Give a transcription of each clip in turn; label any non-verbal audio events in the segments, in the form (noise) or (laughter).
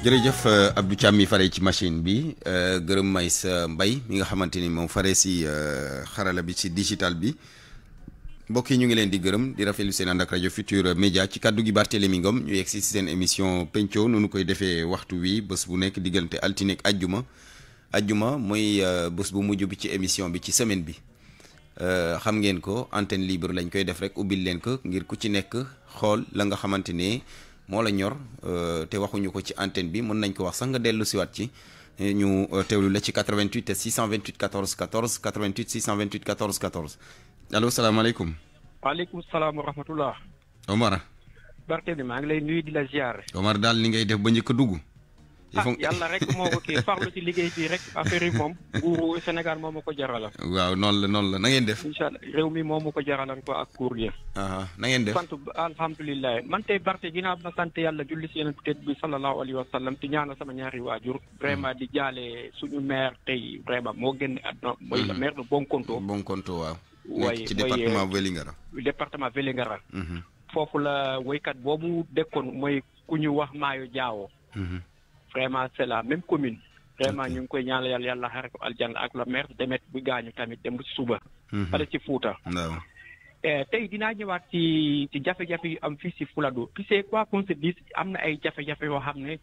jërëjëf euh, Abdou Thiam mi fare ci machine bi euh, gërëm may sa mbay mi nga xamante ni moom fare si euh, xarala bi ci digital bi mbokk yi ñu ngi leen di gërëm di rafetlu seen ànd ak rajo Futur Média ci kàddu gi Barthélémy ngoom ñu yegsi si seen émission penco nu koy defee waxtu wi bës bu nekk diggante altine ak ajjuma ajjuma mooy bës bu mujj bi ci émission bi ci semaine bi xam ngeen ko antenne libre lañ koy def rek ubbil leen ko ngir ku ci nekk xool la nga xamante ne. moo la ñor euh, te waxuñu ko ci antenne bi mën nañ ko wax sax nga dellu siwaat ci eh, ñu euh, teewlu la ci 88 te 628 14 14 88 628 14 14 allo salaamaaleykum. waaleykum salaam wa rahmatullah. Omar. Barthélemy maa ngi lay nuyu di la ziar. Omar daal ni ngay def ba njëkk dugg. ah yalla rek moo ko kii farlu liggéey bi rek affaire yi moom (laughs) nguuru Sénégal moo ko jarala waaw noonu la noonu la na ngeen def incha réew mi moo ma ko jaralan ko ak kuur gi na ngeen def sant alhamdulilah man tey Barté ginnaaw ma sant yàlla julli si yeneen peut bi sallallahu alayhi wa sallam ti ñaana sama ñaari waajur hmm. vraiment di jaale suñu maire tey vraiment moo génn àdduna hmm. mooy la maire de Bonkonto Bonkonto waaw nekk ci département Vélingara euh, département Vélingara hmm. foofu la woykat boobu dëkkoon mooy ku ñu wax Maayo Jaawo vraiment c' est la même commune. vraiment ñu ngi koy ñaanal yàlla yàlla xaar ko aljanna ak la maire demet bu gaañu tamit dem ba suba. fële mhm. ci Fouta. Eh, tey dinaa ñëwaat ci ci jafe-jafe am fii si fula tu sais quoi qu'on se am na ay jafe-jafe yoo xam ne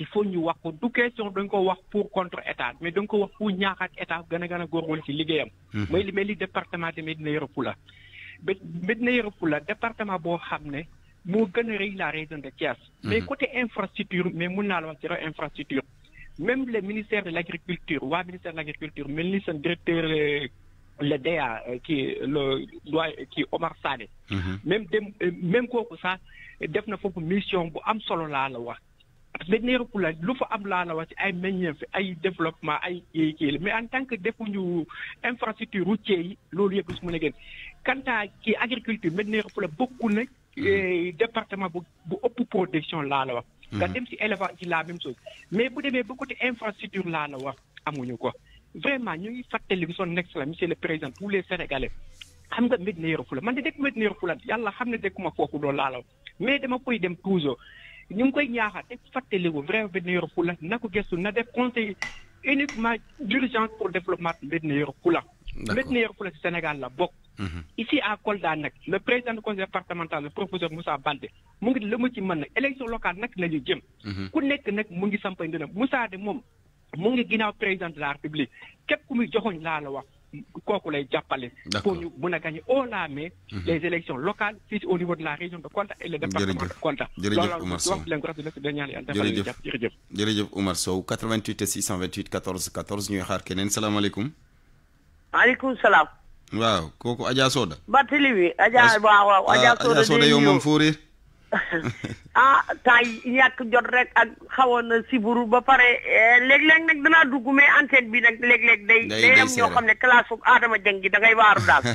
il faut ñu wax ko du question dañ ko wax pour contre état mais dañ ko wax pour ñaaxaat état gën a gën a góorgóorlu ci liggéeyam. Mhm. mooy li mel ni département de Médina Yoro Foulah. na Yoro Foulah département boo xam ne. pour gën la raison de mhm. mais côté infrastructure mais mun infrastructure. même le ministère de l'Agriculture, agriculture ministère de l'Agriculture, agriculture directeur euh, le DA qui euh, le Omar Sané. Mhm. même dem euh, même kooku sax def mission bu am solo la wax. pour la lu développement mais en tant que infrastructure routier yi quant à agriculture Mm-hmm. Eh, département bu bu ëpp protection laa la wax. Mm-hmm. nga dem si élevage ci la même chose mais bu demee ba côté infrastructure laa la wax amuñu ko vraiment ñu ngi fàttali son next la monsieur le président tous les sénégalais xam nga Médina Yoro Foulah man de dëkk Médina Yoro Foulah yàlla xam ne dëkkuma foofu loolu laa la wax mais dama koy dem toujours ñu ngi koy ñaaxa te fàttali ko vraiment Médina Yoro Foulah na ko gëstu na def conseil uniquement urgence pour développement Médina Yoro Foulah. Médina Yoro Foulah si Sénégal la bokk. Mhm. Ici à Kolda nak le président du conseil départemental le professeur Moussa Balde mu ngi la mu ci mën nag élection locale nag la jëm. Mhm. ku nek nak mu ngi sampay ndënam Moussa de mom mu ngi ginnaaw président de la république képp ku muy joxoñ la la wax kooku lay jappalé pour ñu mun gagner au la mais mhm. les élections locales fii au niveau de la région de Kolda et le département de Kolda. jërëjëf Oumar Sow jërëjëf jërëjëf Oumar Sow 88 628 14 14 ñuy xaar keneen salaamaaleykum. maaleykum salam waaw kooku Adja Soda. Barthélémy Adja waaw waaw Adja Soda ah, Adja Soda moom fuuri (laughs) ah temps yi ñàkk jot rek ak xawoon na siburu ba pare eh, léeg-léeg nag danaa dugg mais antenne bi nag léeg-léeg day day am ñoo xam ne classe foog Adama Dieng gi da ngay waaru daal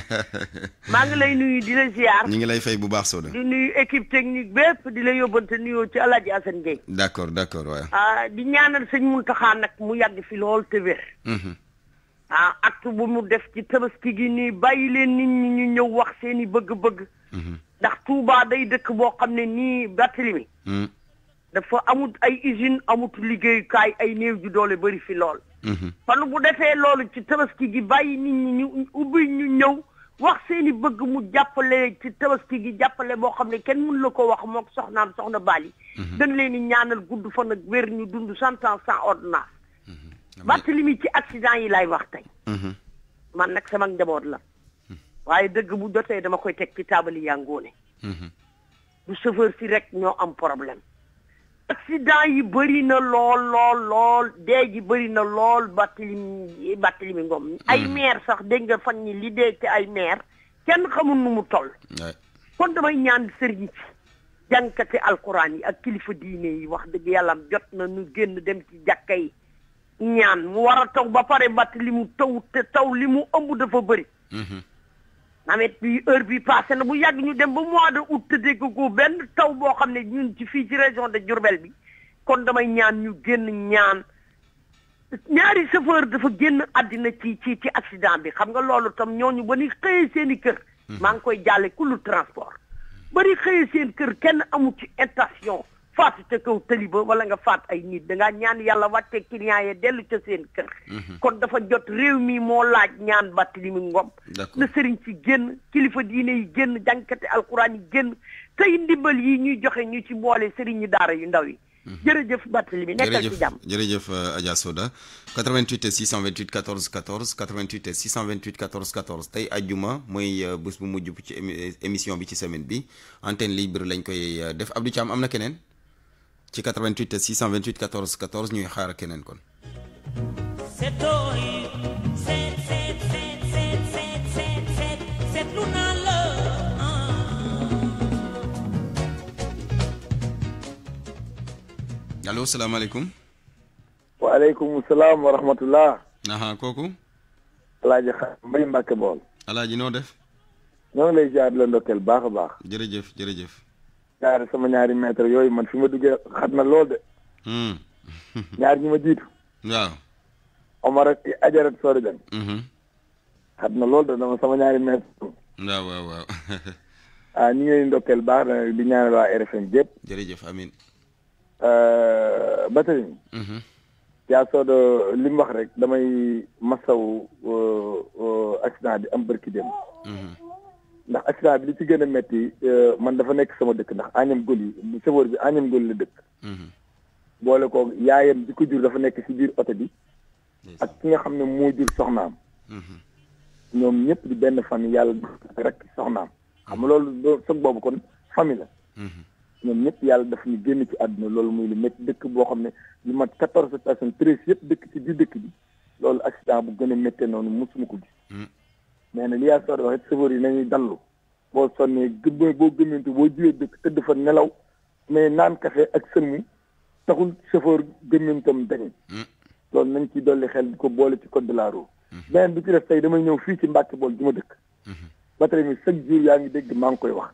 (laughs) maa ngi lay nuyu di la ziar ñu ngi lay fay bu baax Soda di nuyu équipe technique bépp di la yóbbante nuyoo ci El Hadj Assane Gueye d'accord d'accord waaw ah, di ñaanal sëñ Mountakha nag mu yàgg fi lool te wér mhm. ah acte bu mu def ci tabaski gi nii bàyyi leen nit ñi ñu ñëw wax seeni bëgg-bëgg. Mhm. ndax Touba day dëkk boo xam ne nii Barthélemy mm. dafa amut ay usine amut liggéeyukaay ay néew ju doole bëri fi lool. Mhm. kon bu defee loolu ci tabaski gi bàyyi nit ñu ubbi ñu ñëw wax seeni bëgg mu jàppale ci tabaski gi jàppale boo xam ne kenn mën la ko wax mook soxnaam soxna Bali. Mhm. dañ leen di ñaanal gudd fan ak wér ñu dund cent ans sans Barthélemy ci accident yi laay wax tey. Mhm. man nag sama njaboot la. waaye dëgg bu jotee dama koy teg ci taabali yàngoone. Mhm. du chauffeur si rek ñoo am problème. accident yi bëri na lool lool lool dee ji bëri na lool Barthélemy Barthélemy Ngom. Mhm. ay maire sax dégg nga fan ñi li dee ci ay maire kenn xamul nu mu toll. kon damay ñaan sëriñ ci jànkati alquran yi ak kilifa diine yi wax dëgg yàlla jot na nu génn dem ci jàkka yi. ñaan mu war a taw ba pare bat li mu taw te taw li mu ëmb dafa bari nawet mhm. bi heure bi passé na bu yàgg ñu dem ba mois de août te dégg ko benn taw boo xam ne ñun ci fii ci région de Diourbel bi kon damay ñaan ñu génn ñaan ñaari chauffeur dafa génn àddina ci ci ci accident bi xam nga loolu tam ñooñu ba ni xëyee seen kër. Mhm. maa ngi koy jàlle ku transport. ba ni xëyee seen kër kenn amu ci intention. faatu ca kaw tëli ba wala nga faat ay nit dangaa ñaan yàlla wàcce client yi dellu ca seen kër. Mhm. kon dafa jot réew mi moo laaj ñaan Barthélémy Ngom. na sëriñ si génn kilifa diine yi génn jànkate alxuraan yi génn tey ndimbal yi ñuy joxe ñu ci boole sëriñ yi daara yu ndaw yi. Mhm. jërëjëf Barthélémy nekkal ci jàmm jërëjëf euh, Adja Soda 88 628 14 14 88 628 14 14 tey ajjuma mooy euh, bés bu mujj ci émission bi ci semaine bi antenne libre lañ koy euh, def Abdou Thiam am na keneen. ci 88 628 14 14 ñuy xaar keneen kon. allo salaamaaleykum. waaleykum salaam wa rahmatullah. aha kooku. Alaaji Xaar Mbay Mbàkke Bool. Alaaji noo def. ñoo ngi lay jaar la ndokkeel baax a baax. jërëjëf jërëjëf. ñaari sama ñaari maître yooyu man fi ma duggee xat na lool de. Hmm. ñaar ñi ma jiitu. waaw. Omar a Ajarat Sori Diagne. Hmm. xat na lool de dama sama ñaari maître. waaw waaw waaw. (laughs) ah ñu ngi leen ndokkeel baax di ñaanal waa RFM jépp. jërëjëf amin euh, ba tey. Hmm. yaa soodo li wax rek damay masawu euh, euh, accident am barki dem. ndax accident bi li ci gën a métti euh, man dafa nekk sama dëkk ndax Agnam Goly yi chauffeur bi Agnam Goly la dëkk mhm. boole ko yaayam di ko jur dafa nekk si biir oto bi ak ki nga xam ne moo jur soxnaam mhm. ñoom ñëpp di benn famille yàlla rek soxnaam xam loolu sag boobu kon famille la mhm. ñoom ñëpp yàlla daf ñu génn ci àdduna loolu muy lu métti dëkk boo xam ne lu mat quatorze personnes treize yëpp dëkk ci biir dëkk bi loolu accident bu gën a méttee noonu mosuma ko gis nee na li yaa soor wax chauffeur yi nañuy dallu boo sonnee boo gëmmantu boo jiwee dëkk tëdd fa nelaw mais naan kafe ak sënmu taxul chauffeur gëmmantam dañ hmm. loolu nañ ci dolli xel di ko boole ci code de la hmm. beneen bi ci def tey damay ñëw fii ci Mbàkke bool gi ma dëkk hmm. ba tey mi chaque jour yaa ngi dégg maa ngi koy wax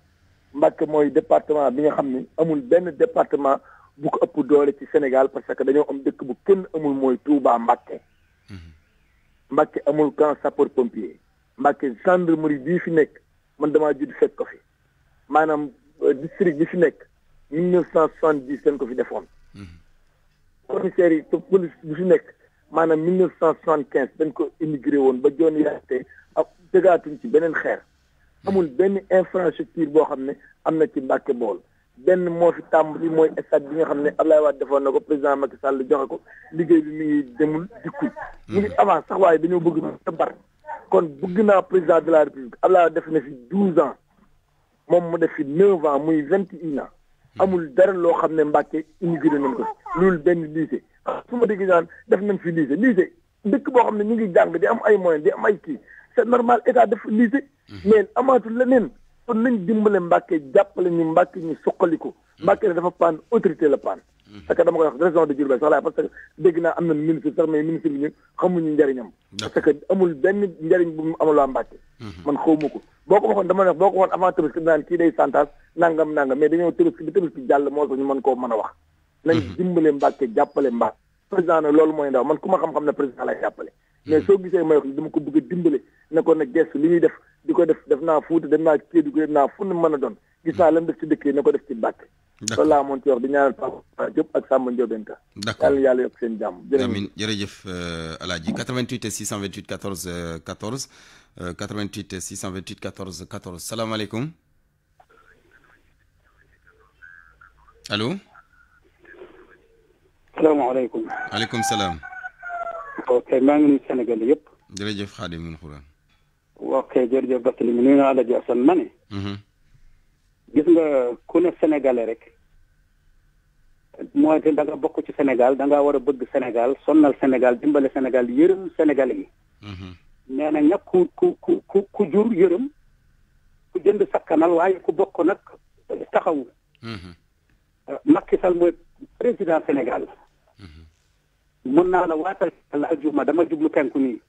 Mbàkke mooy département bi nga xam ne amul benn département bu ko ëpp doole ci Sénégal parce que dañoo am dëkk bu kenn amul mooy Touba Mbàkke Mbàkke amul camp sapeur pompier Mbàkke gendarmerie bii fi nekk man damaa judd fekk ko fi maanaam euh, district bi fi nekk 1970 neuf ko fi defoon mhm. commissaire yi police bi fi nekk maanaam 1975 dañ ko immigré woon ba joon yaate ak dëgaatuñ ci beneen xeer mhm. amul benn infrastructure boo xam ne am na ci Mbàkke Bawol benn moo fi tàmbali mooy stade bi nga xam ne Abdoulaye Wade defoon na ko président Macky Sall joxe ko liggéey bi mi ngi demul dikkul. mu mhm. ngi avance sax waaye dañoo bëgg a bar kon bëgg naa président de la république Abdoulaye def na fi douze ans moom mu def fi neuf ans muy vingt et ans amul dara loo xam ne Mbàkke inauguré nañ ko fi loolu benn lycée su ma dégg naan def nañ fi lycée lycée dëkk boo xam ne ñu ngi jàng di am ay moyens di am ay kii c'est normal état def lycée mhm. mais amaatul leneen kon nañ dimbale Mbàkke jàppale ñu Mbàkke ñu suqali ko mhm. Mbàkke dafa paan autorité la paan parce que dama koy wax région de Diourbel sax laay naa am na bu mu amul waa Mbàkke mhm. ko boo ko waxoon dama ne boo ko waxoon avant tabaski naan kii day santas nangam nangam mais dañoo tabaski koo a wax mhm. nañ dimbale Mbàkke mooy ndaw man ku mhm. ko bëgg a dimbale ne ko nag gestu li ñuy di ko def naa Fuuta dem a doon gis naa lan def ci dëkk na ko def ci Mbàkke loolu laa moon ci wax di ñaanal Papa Diop ak Samba Ndiobenta d'accord yàlla yàlla yokk seen jàmm jërëjëf amiin jërëjëf Alaaji 88 628 14 14 88 628 14 14 salaamaaleykum allo salaamaaleykum aleykum salaam ok maa ngi nuyu Sénégal yëpp jërëjëf Xaadim min ok jërëjëf Bassirou mi nuyu naa Alaaji Assane ma gis nga ku ne sénégalais rek mooy te da bokk ci Sénégal danga war a bëgg Sénégal sonnal Sénégal dimbale Sénégal yërëm sénégalais yi. Mhm. nee na ña ku ku ku ku jur yërëm ku jënd sakkanal waaye ku bokk nag taxawu. Mhm. Euh, Macky Sall mooy président Sénégal. Mhm. mën naa la waatal ajuma dama jublu penku nii.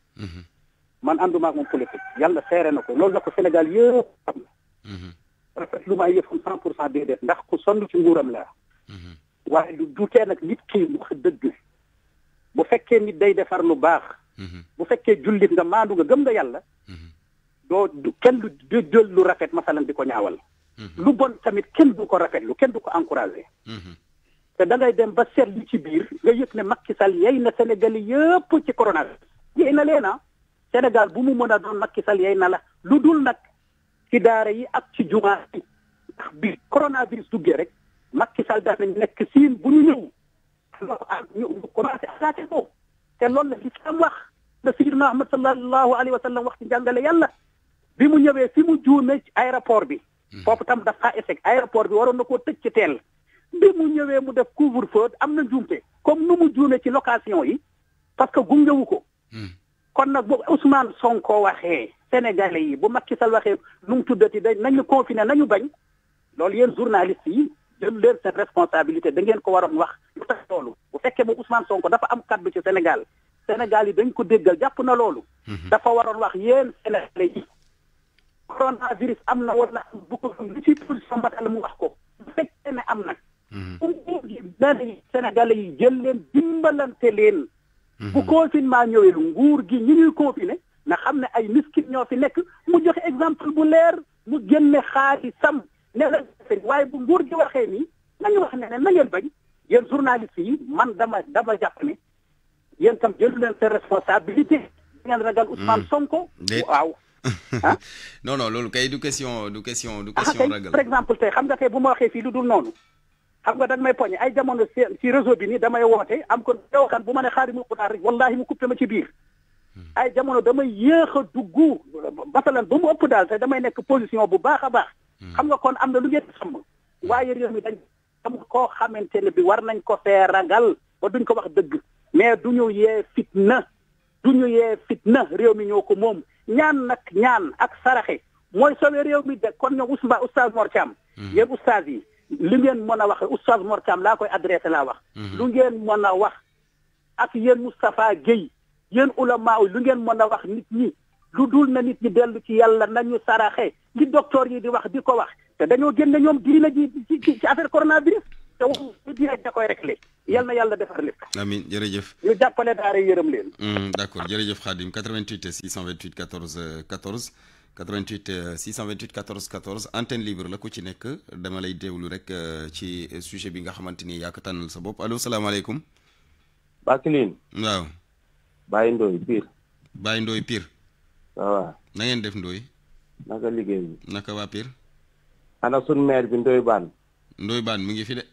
man ànduma ak moom politique yàlla seere na ko loolu la ko Sénégal yëpp am. rafetlu ma yëfam cent pour cent déedéet ndax ku sonn ci nguuram laa waaye lu duutee nag nit kii mu dëgg bu fekkee nit day defar lu baax bu fekkee jullit nga maandu nga gëm nga yàlla doo du kenn du jël lu rafet masalan di ko ñaawal lu bon tamit kenn du ko rafetlu kenn du ko encouragé te da ngay dem ba seetlu ci biir nga yëg ne Macky Sall yey na Sénégal yëpp ci coronavirus yey na leena Sénégal bu mu mën a doon Macky Sall yey na la lu dul nag ci daara yi ak ci jumaa yi ndax bi coronavirus duggee rek Macky Sall daan nañ nekk siin bu ñu ñëw ah, ñu commencé attaqué ko te loolu la lislaam wax la sayyidina Ahmad sallallahu alayhi wa sallam wax ci njàngale yàlla bi mu ñëwee fi mu juume ci aéroport bi hmm. foofu tam dafa échec aéroport bi waroon na koo tëj ci teel bi mu ñëwee mu def couvre-feu am na njuumte comme nu mu juume ci location yi parce que gungewu ko hmm. kon nag boobu Ousmane Sonko waxee sénégalais yi bu Macky Sall waxee nu mu tuddati dañ nañu confiné nañu bañ loolu yéen journalistes yi jël leen seen responsabilité da ngeen ko waroon wax lu loolu bu fekkee moom Ousmane Sonko dafa am kaddu ci Sénégal Sénégal yi dañ ko déggal jàpp na loolu mhm. dafa waroon wax yéen sénégalais yi coronavirus am na wala bu ko li ci position batal mu wax ko ne am na um góor gi sénégalais yi jël leen dimbalante leen bu mhm. confinement ñëwee nguur gi ñi ñuy confiné na xam ne ay miskin ñoo fi nekk mu joxe exemple bu leer mu génne sam ne la waaye bu nguur gi waxee nii nañu wax ne ne na ngeen bañ yéen journaliste yi man dama dama jàpp ne yéen tam jëlu leen seen responsabilité ngeen ragal Ousmane hmm. Sonko waaw (laughs) ah. non non loolu kay du question du question du ah, question ragal par exemple tey xam nga tey bu ma waxee fii lu dul noonu xam nga da nga may poñe ay jamono ci réseau bi nii damay woote am ko dewkan bu ma ne xaarimul xuraan rek wallaahi mu coupé ma ci biir hmm. ay jamono damay yéex a dugg basalan ba mu ëpp daal te damay nekk position bu baax a baax hmm. xam nga kon am na lu ngeen xam hmm. waaye réew mi dañ xam koo xamante ne bi war nañ ko fee ragal ba duñ ko wax dëgg mais du ñu yee fitna du ñu yee fitna réew mi ñoo ko moom ñaan nag ñaan ak saraxe mooy sauver réew mi de kon ñoom Ousmane Oustaz Mor Thiam yéen Oustaz yi li ngeen mën a wax oustaz Mor Thiam laa koy adressé laa wax. Mhm. lu ngeen mën a wax ak yéen Moustapha Guèye yéen ulama yi lu ngeen mën a wax nit ñi lu dul na nit ñi dellu ci yàlla na ñu saraxe li docteur yi di wax di ko wax te dañoo génne ñoom diina ji ci ci ci affaire coronavirus te waxu diina da koy réglé yal na yàlla defar lépp. amiin jërëjëf. ñu jàppale daara yërëm leen. Mm, d' accord jërëjëf Khadim 88 628 14 14. 88 628 14 14 antenne libre la ku ci nekk dama lay déglu rek euh, ci sujet bi nga xamante ni yaa ko sa bopp allo salaamaaleykum. Bakelin. waaw. Baye Ndoye Pire. Baye Ndoye Pire. waaw. na ngeen def Ndoye. naka liggéey bi. naka waa Pire. ana sun maire bi Ndoye Bane. Ndoye Bane mu ngi fi de.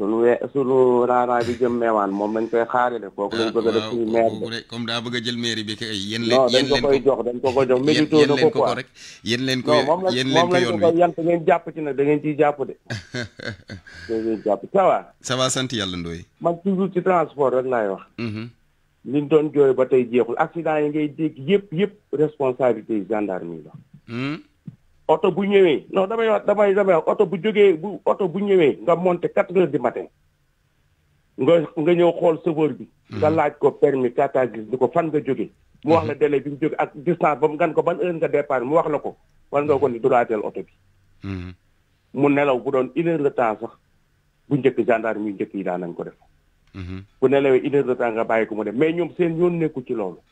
sunu we sunu raara bi jëm meewaan moom lañ koy xaarale kooku lañ bëgg a def ah, suñu maire bi comme daa bëgg a jël mairie bi kay yéen leen non dañ ko koy jox dañ ko koy jox leen ko moom la moom lañ ko koy yant ngeen jàpp ci nag da ngeen ciy jàpp de (laughs) da ngeen jàpp ça va ça va sant yàlla Ndoye man toujours ci transport rek laay wax mhm. liñ jooy ba tey jeexul accident yi ngay dégg yëpp yëpp responsabilité yi gendarme la mhm. oto bu ñëwee non damay wax damay oto bu jógee bu oto bu ñëwee nga monte quatre heures du matin nga nga ñëw xool chauffeur bi. Hmm. nga laaj ko permis carte grise ni ko fan nga jóge mu wax la hmm. délai bi mu jóg ak distance ba mu ngan ko ban heure nga départ mu wax la ko war nga ko ni droiteel oto bi. Hmm. mu nelaw bu doon une heure de temps sax bu njëkk gendarme yu njëkk yi daan nañ ko def. bu nelawee une heure de temps nga bàyyi ko mu dem mais ñoom seen yoon nekku ci loolu.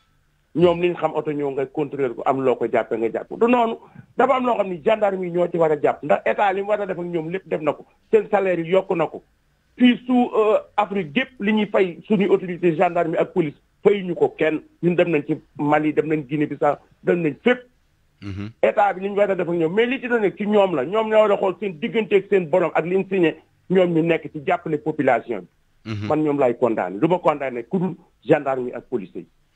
Nyom lin chanm oto nyon ge kontrol etko amlokwe djapen ge djapen. Dono nou, daba amlokwem ni jandarmi nyon te wata djapen. Eta alim wata defen nyon lep defen akou. Sen saleri yokon akou. Pi sou euh, Afri Gep lini fay sou ni otorite jandarmi ak polis fay nyon ko ken. Yon demnen ti mani, demnen gine pisa, demnen tip. Eta mhm. alim wata defen nyon. Men li ti donen ki nyom la. Nyom le wata koul sin dikintek sin bonan ak lin sinye nyon mi nek ti djapen le populasyon. Pan nyom la yi kondane. Roubo kondane kou jandar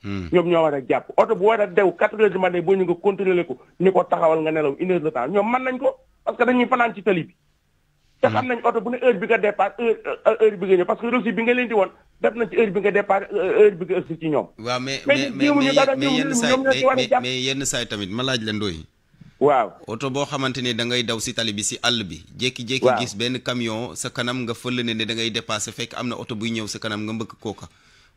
Hmm. ñoom ñoo war a jàpp oto bu war a dew quatre heures du matin ko ni ko taxawal nga nelaw ñoom man nañ ko parce que dañuy fanaan ci tali bi te xam hmm. nañ oto bu ne bi nga départ heure euh, heure bi nga parce que reçu bi nga leen di woon def nañ ci heure bi nga départ euh, heure bi nga ëgsi ci ñoom waaw mais mais yenn saay tamit ma laaj la ndooy waaw oto boo xamante ne da ngay daw si tali bi si àll bi jékki-jékki gis benn camion sa kanam nga fël ne ne da ngay dépassé fekk am na oto buy ñëw sa kanam nga mbëkk kooka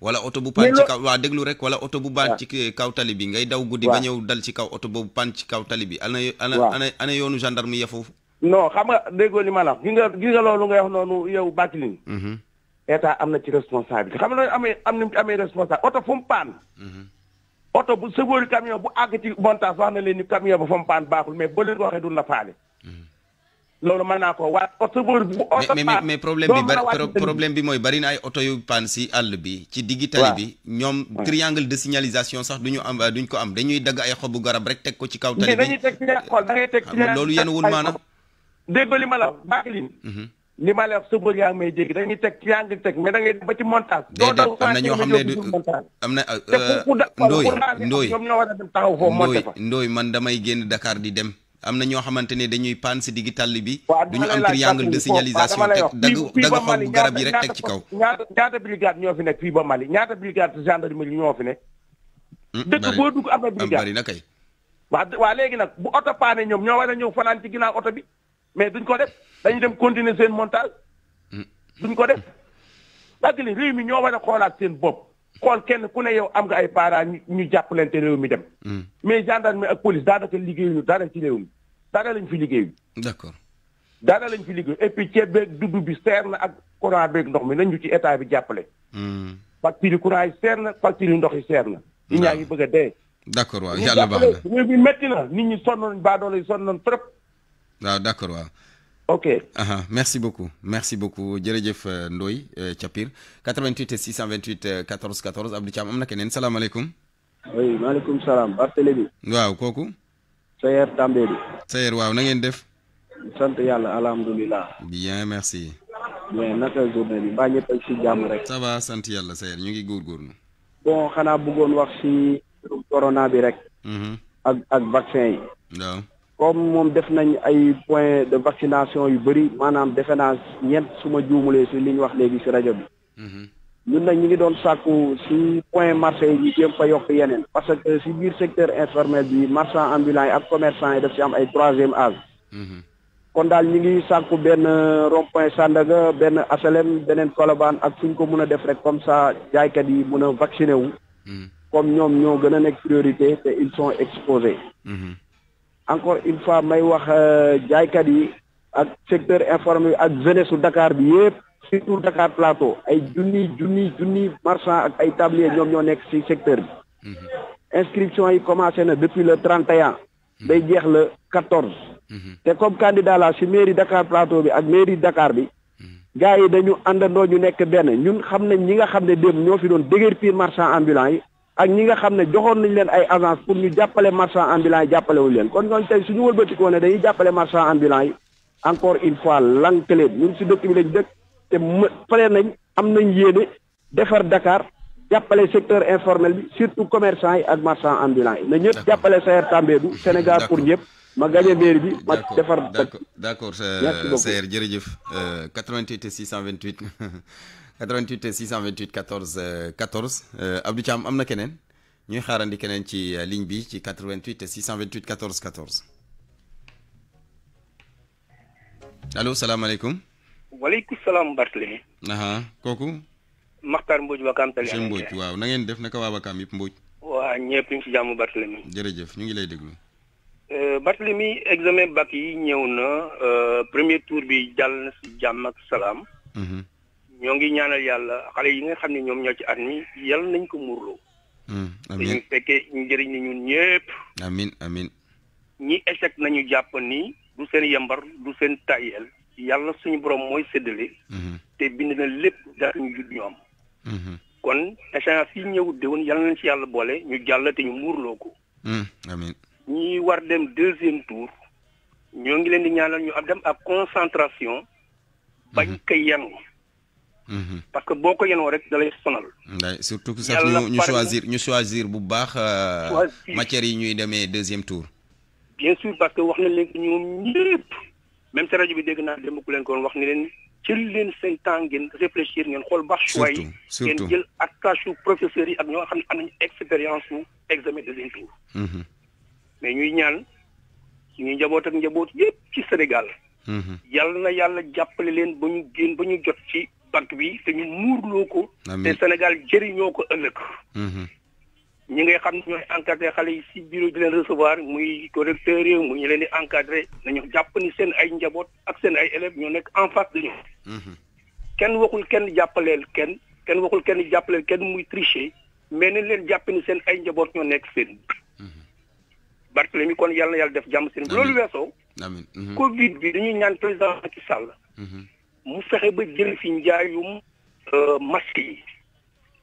wala oto bu pan ci kaw waa rek wala oto bu baan ci kaw tali bi ngay daw guddi ba ñëw dal ci kaw oto boobu pan ci kaw tali bi ana ana ana yoonu gendarme ya foofu non xam nga déggoo li ma la gi nga nga loolu ngay wax noonu yow Bakhile mhm. état am na ci responsabilité xam nga loolu amee am na amee responsable oto fu mu paan mhm. oto bu sëgóori camion bu àgg ci montage wax na leen ni camion ba fa mu paan baaxul mais boo leen waxee du la faale loolu mën naa ko waaye oto bu oto mais mais problème bi problème bi mooy bari na ay oto yu paan si àll bi. ci digg tali bi ñoom. triangle de signalisation sax du ñu am euh, duñ ko am dañuy dagg ay xobu garab rek teg ko ci kaw. tali bi mais dañuy teg ci loolu yenn wul maanaam. dégg li ma la Bakhline. li ma la wax sa mm-hmm. bëri yaa may dégg dañuy teg triangle teg mais da ngay ba ci montage. doo daw am na ñoo xam ne du am na. te ku euh, ku da ku daal ñoom ñoo war man damay génn dakaar di dem am na ñoo xamante ne dañuy paan si diggi bi bi du ñu am triangle de signalisation teg dagg dagg xobu garab yi rek teg ci kaw ñaata ñaata brigade ñoo fi nekk fii ba Mali ñaata brigade gendarmerie ñoo fi ne hmm, dëkk boo dugg am na brigade ah, bari na waa waa léegi nag bu oto paane ñoom ñoo war a ñëw fanaan ci ginnaaw oto bi mais duñ ko def dañu dem continuer seen montage hmm. duñ ko def dagg li réew mi ñoo war a xoolaat seen bopp xool kenn ku ne yow am nga ay parents ñu jàppalante réew mi dem hmm. mais gendarme ak police daanaka liggéeyuñu dara ci réew mi dara lañ fi liggéeyu d'accord dara lañ fi liggéeyu et puis ceeb beeg dugub bi seer na ak courant beeg ndox mi nañ ñu ci état bi jàppale. Hmm. facture yi courant yi seer na facture yi ndox yi seer na. ñi hmm. ñaa ngi bëgg a dee. d'accord waaw yàlla baax na réew mi métti na nit ñi sonn nañ baadoole yi sonn nañ trop. waaw d'accord waaw. ok aha merci beaucoup merci beaucoup jërëjëf Ndoy Chapir. 88 628 14 14 Abdou Thiam am na keneen salaamaaleykum. oui maaleykum salaam Barthélémy. waaw kooku. Sayer Tambédou. Sayer waaw na ngeen def. sant yàlla alhamdulilah. bien merci. mais naka journée bi mbaa ñëpp ci jàmm rek. ça va sant yàlla Sayer ñu ngi góorgóorlu. bon xanaa bëggoon wax ci corona bi rek. Mhm. ak ak vaccin yi. waaw comme moom def nañ ay point de vaccination yu bëri maanaam defe naa ñeent su ma juumulee ci li ñu wax léegi si rajo bi. Mhm. ñun nag ñu ngi doon sàkku si point marché yi jéem fa yokk yeneen parce que si biir secteur informel bi marchand ambulant yi ak commerçant yi daf si am ay troisième âge mhm. kon daal ñu ngi sàkku benn rond point Sandaga benn asalem beneen Colobane ak suñ ko mën a def rek comme ça jaaykat yi mën a vacciné wu mhm. comme ñoom ñoo gën a nekk priorité te ils sont exposés mhm. encore une fois may wax euh, jaaykat yi ak secteur informel ak jeunesse su Dakar bi yëpp surtout Dakar Plateau ay junni junni junni marchand ak ay tablier ñoom ñoo nekk ci secteur bi mhm. inscription yi commencé na depuis le 31 mhm. day jeex la 14 mhm. te comme candidat la ci mairie Dakar Plateau bi ak mairie Dakar bi gars yi dañu àndandoo ñu nekk benn ñun xam nañ ñi nga xam ne démb ñoo fi doon déguerpir marchand ambulant yi ak ñi nga xam ne joxoon nañ leen ay agence pour ñu jàppale marchand ambulant yi jàppalewuñ leen kon ñooñu tey suñu wëlbatikoo ne dañuy jàppale marchand ambulant yi encore une fois lank leen ñun ci dëkk bi lañ dëkk te më pare nañ am nañ yéene defar Dakar jàppale secteur informel bi surtout commerçant yi ak marchand ambulant yi na ñëpp jàppale Sayer Tambédou Sénégal pour ñëpp ma gañe mairie bi ma defar d'accord d'accord Sayer jërëjëf 88 628 88 628 14 14 Abdou Thiam am am na keneen ñuy xaarandi keneen ci euh, ligne bi ci 88 628 14 14 allo salaamaaleykum waaleykum salaam aha kooku maxtaar mbooj wakam tali monsieur mbooj waaw na ngeen def naka waa wakam yëpp mbooj waa ñëpp ñu ci jàmm Barthélemy jërëjëf ñu ngi lay déglu eh, Barthélemy examen bac yi ñëw na premier tour bi jàll na si jàmm ak salaam ñoo mhm. ngi ñaanal yàlla xale yi kan nga xam ne ñoo ci at mi nañ ko muurloo hmm, amin fekke njëriñ ni ñun ñëpp amin amin ñi échec nañu jàpp ni du seen yembar du seen tayel yàlla suñu borom mooy séddale. Mhm. te bind na lépp daal ñu judd ñu am. Mhm. kon échéance yi ñëwut déwén yàlla nañ ci yàlla boole ñu jàll te ñu muurloo ko. Mhm. amiin war dem deuxième tour. ñoo ngi leen di ñaanal ñu am dem ak concentration. ba ko yenu. parce que boo ko yenoo rek da sonal. surtout que sax ñu ñu choisir ñu choisir bu baax. Euh, matière yi ñuy demee deuxième tour. bien sûr parce que wax na léegi ñoom ñëpp. même si rajo bi dégg naa démb ku leen ko wax ni leen jël leen seen temps ngeen réfléchir ngeen xool bax choix yi ngeen jël attache professeurs yi ak ñoo xam ne am nañu expérience ñu examen de leen tour. Mhm. mais ñuy ñaan ci ñuy njaboot ak njaboot yëpp ci Sénégal. Mhm. yàlla na yàlla jàppale leen ba ñu génn ba ñu jot ci banque bi te ñu muurloo ko. te Sénégal jëriñoo ko ëllëg. Mhm. ñi ngay xam ne ñooy encadré xale yi si bureau di leen recevoir muy correcteur yi muy ñu leen di encadré nañu jàpp ni seen ay njaboot ak seen ay élèves ñoo nekk en face de ñoom. Mhm. kenn waxul kenn jàppaleel kenn kenn waxul kenn jàppaleel kenn muy tricher mais nañ leen jàpp ni seen ay njaboot ñoo nekk seen. Mhm. Barthélemy kon yàlla na yàlla def jàmm seen. loolu weesoo. amiin mhm. Covid bi dañuy ñaan président Macky Sall. mu fexe ba jël fi njaayum euh, masque yi.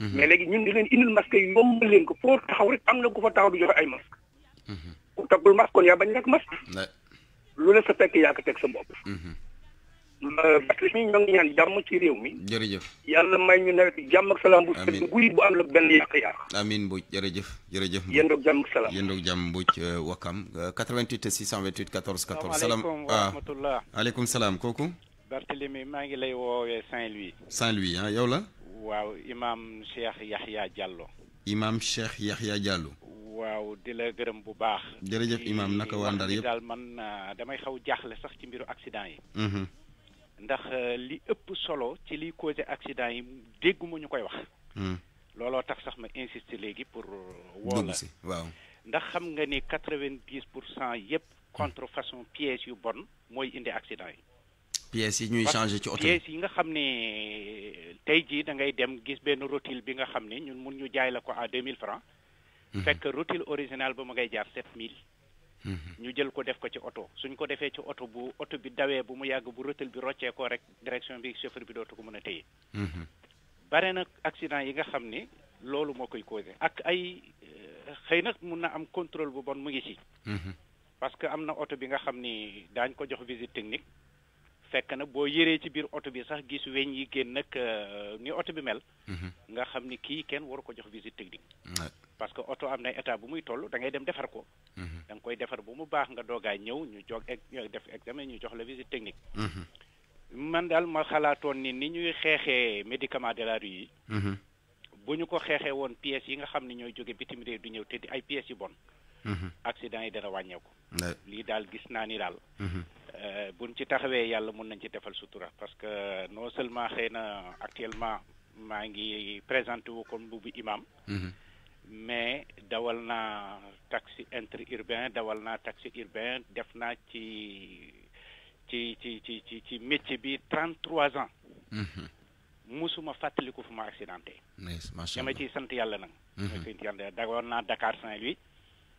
mais legi ñun di leen indil masque yi yomb leen ko pour taxaw rek am na ku fa taxaw di joxe ay masque ku tagul masque kon yaa bañ nekk masque lu le sa tekk yaa ko teg sa bopp Batri mi nyong nyan jamu ci rew mi Jerejef Yalla may ñu nawet jamu ak salam bu sëñ bu bu am la ben yaq yaq Amin bu jerejef jerejef Yendok jamu ak salam Yendok jamu bu wakam 88628 salam Alaykum ah. salam koku Bartelemi ma ngi lay eh, Saint Louis Saint Louis ha ah. ya yow waaw imaam Cheikh Yaxya Diallo. imaam Cheikh Yaxya Diallo. waaw di la gërëm bu baax. jërëjëf imaam naka waa Ndar yëpp daal man ah, damay xaw jaaxle sax ci mbiru accident yi. Mhm. ndax ah, li ëpp solo ci liy causé accident yi dégguma ñu koy wax. Mhm. looloo tax sax ma insister léegi pour. Ah, woo la waaw. ndax xam nga ni quatre-vingt-dix pour cent yëpp contrefaçon pièces yu bon mooy indi accident yi. pièces yi ñuy changer ci oto yi nga xam ne tey jii da ngay dem gis benn rotule bi nga xam ne ñun mun ñu jaay la ko à deux mille francs mhm. fekk rotule original ba ma ngay jaar sept mille mhm. ñu jël ko def ko ci oto suñ ko defee ci oto bu oto bi dawee bu mu yàgg bu rotule bi roccee ko rek direction bi chauffeur bi dootu ko mën a téye mhm. bare na accident yi nga xam ni loolu moo koy causé ak ay euh, xëy na mun na am contrôle bu bon mu ngi ci parce que am na oto bi nga xam ni daañ ko jox visite technique fekk na boo yëree ci biir oto bi sax gis weñ yi génn nag euh, ni oto bi mel. Mhm. nga xam ni kii kenn waru ko jox visite technique. parce que oto am na état bu muy toll da ngay dem defar ko. Mhm. da nga koy defar bu mu baax nga doogaa ñëw ñu jox def examen ñu jox la visite technique. Mhm. man daal ma xalaatoon ni ni ñuy xeexee médicament de la yi. bu ñu ko xeexee woon pièces yi nga xam ne ñooy jóge bitim réew du ñëw te di ay pièces yu bon. accident yi dana wàññeeku. lii daal gis naa ni daal. bu euh, buñ ci taxawee yàlla mun nañ ci defal sutura parce que non seulement xëy na actuellement maa ngi présenté wu comme bu imam mhm. mais dawal naa taxi interurbain dawal naa taxi urbain def naa ci ci ci ci ci ci métier bi trente trois ans mhm. musuma fàttaliku fu ma accidenté ma ciy sant yàlla nag mhm. ma sant yàlla dawal naa Dakar Saint-Louis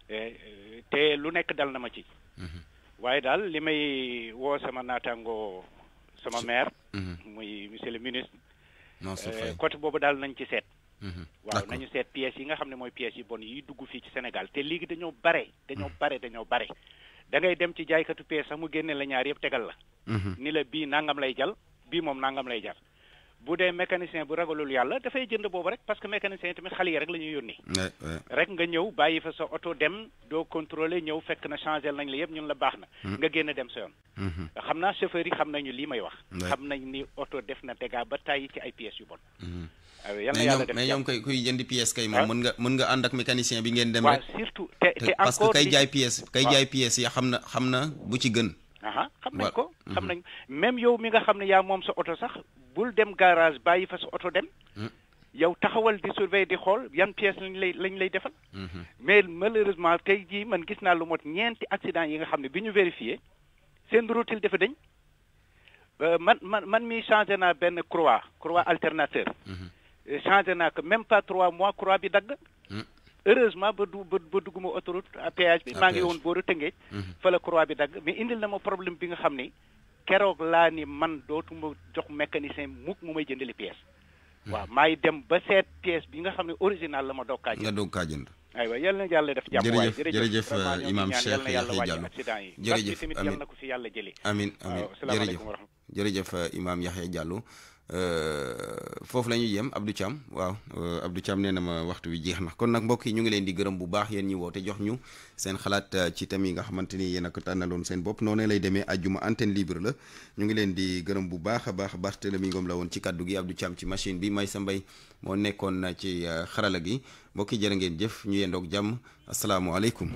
euh, te lu nekk dal na ma ci waaye daal li may woo sama naataangoo sama maire mhm. muy monsieur le ministre eh, côté boobu daal nañ ci seet mhm. waaw nañu seet pièces yi nga xam ne mooy pièces yi bon yi dugg fii ci Sénégal te léegi dañoo bare dañoo mm. bare dañoo bare da ngay dem ci jaaykatu pièces sax mu génne la ñaar yëpp tegal la mhm. ni la bii nangam lay jal bii moom nangam lay jar bu dee mécanicien bu ragalul yàlla dafay jënd boobu rek parce que mécanicien yi tamit xale yi rek la ñuy rek nga ñëw bàyyi fa sa oto dem doo contrôler ñëw fekk na changé nañ la yëpp ñun la baax na mm-hmm. nga génn dem sa yoon mm-hmm. xam naa chauffeur yi xam nañu lii may wax xam nañ ni oto def na dégâts ba tàyyi ci ay pièces yu bon mm-hmm. ah yàlla yàlla def mais ñoom koy kuy jënd pièce kay moom ah. mën nga mën nga ànd ak mécanicien bi ngeen dem rek surtout te te encore parce kay jaay pièce kay jaay pièce na xam na bu ci gën aha xam nañ ko mhm. xam nañ même yow mi nga xam ne yaa moom sa oto sax bul dem garage bàyyi fa sa oto dem mhm. yow taxawal di surveiller di xool yan pièces lañ lay lañ lay defal mhm. mais malheureusement tey jii man gis naa lu mot ñeenti accident yi nga xam ne bi ñu vérifié seen routine dafa dañ euh, man man man mi changé naa benn croix croix alternateur euh, changé naa ko même pas trois mois croix bi dagg heureusement ba du ba dugguma autoroute à péage bi maa ngi woon booru Tëngéej mhm. fa la croix bi dagg mais indi na ma problème bi nga xam ni keroog laa ni man dootuma jox mécanicien mukk mu may jëndali pièce mhm. waaw maay dem ba seet pièce bi nga xam ne original la ma doog kaa jënd nga doog kaa waay jërëjëf imam Cheikh Yaxya Diallo accident yi jërëjëf tamit yal na ko fi yàlla jëlee amin amin jërëjëf jërëjëf imam Yaxya Diallo euh fofu lañu yem abdou cham waaw euh, abdou cham neena ma waxtu wi jeex kon nak mbokk yi ñu ngi leen di gërëm bu baax yeen ñi wote jox ñu seen xalaat euh, ci tam yi nga xamanteni yeen ak tanaloon seen bop noné lay démé aljuma antenne libre la ñu ngi leen di gërëm bu baax baax bartelemi ngom la won ci kaddu gi abdou cham ci machine bi may sambay mo nekkon ci euh, xarala gi mbokk yi jere jëf ñu yendok jam assalamu alaykum